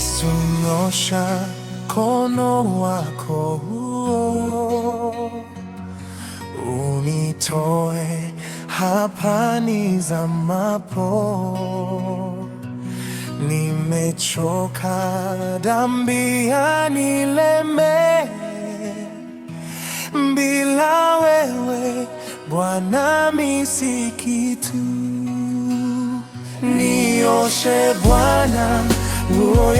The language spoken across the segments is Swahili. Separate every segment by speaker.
Speaker 1: Yesu, nyosha mkono wako huo unitoe hapa nizamapo. Nimechoka, dhambi yanilemee. Bila wewe Bwana mimi kitu. Nioshe Bwana nguo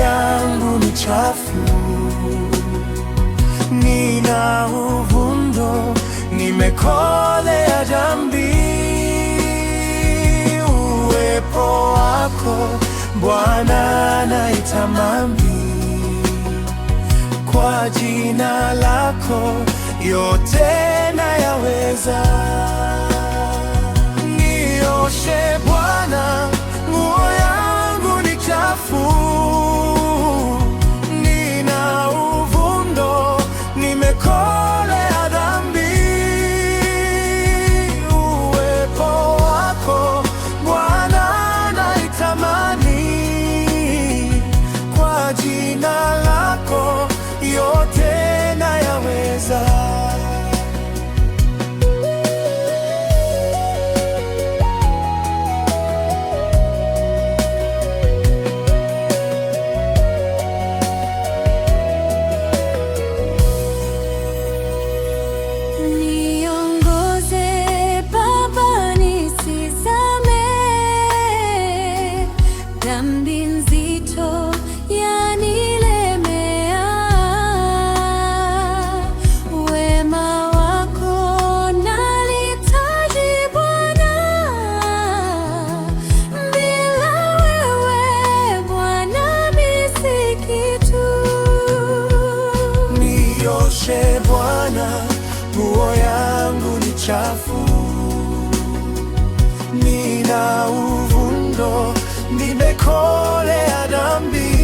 Speaker 1: kole ya dhambi. Uwepo wako Bwana naitamani, kwa jina lako yote yaweza uchafu, nina uvundo, nimekolea dhambi.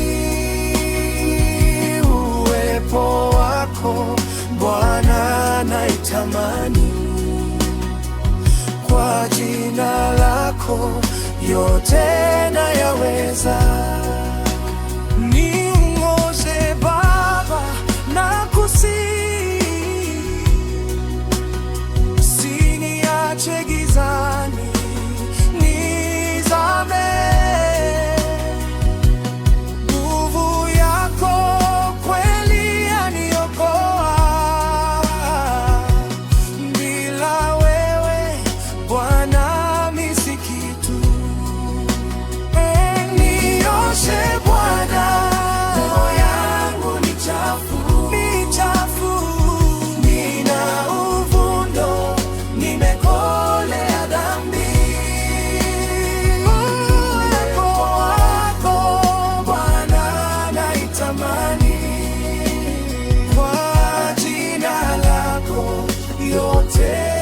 Speaker 1: Uwepo wako Bwana naitamani, kwa jina lako yote nayaweza. yote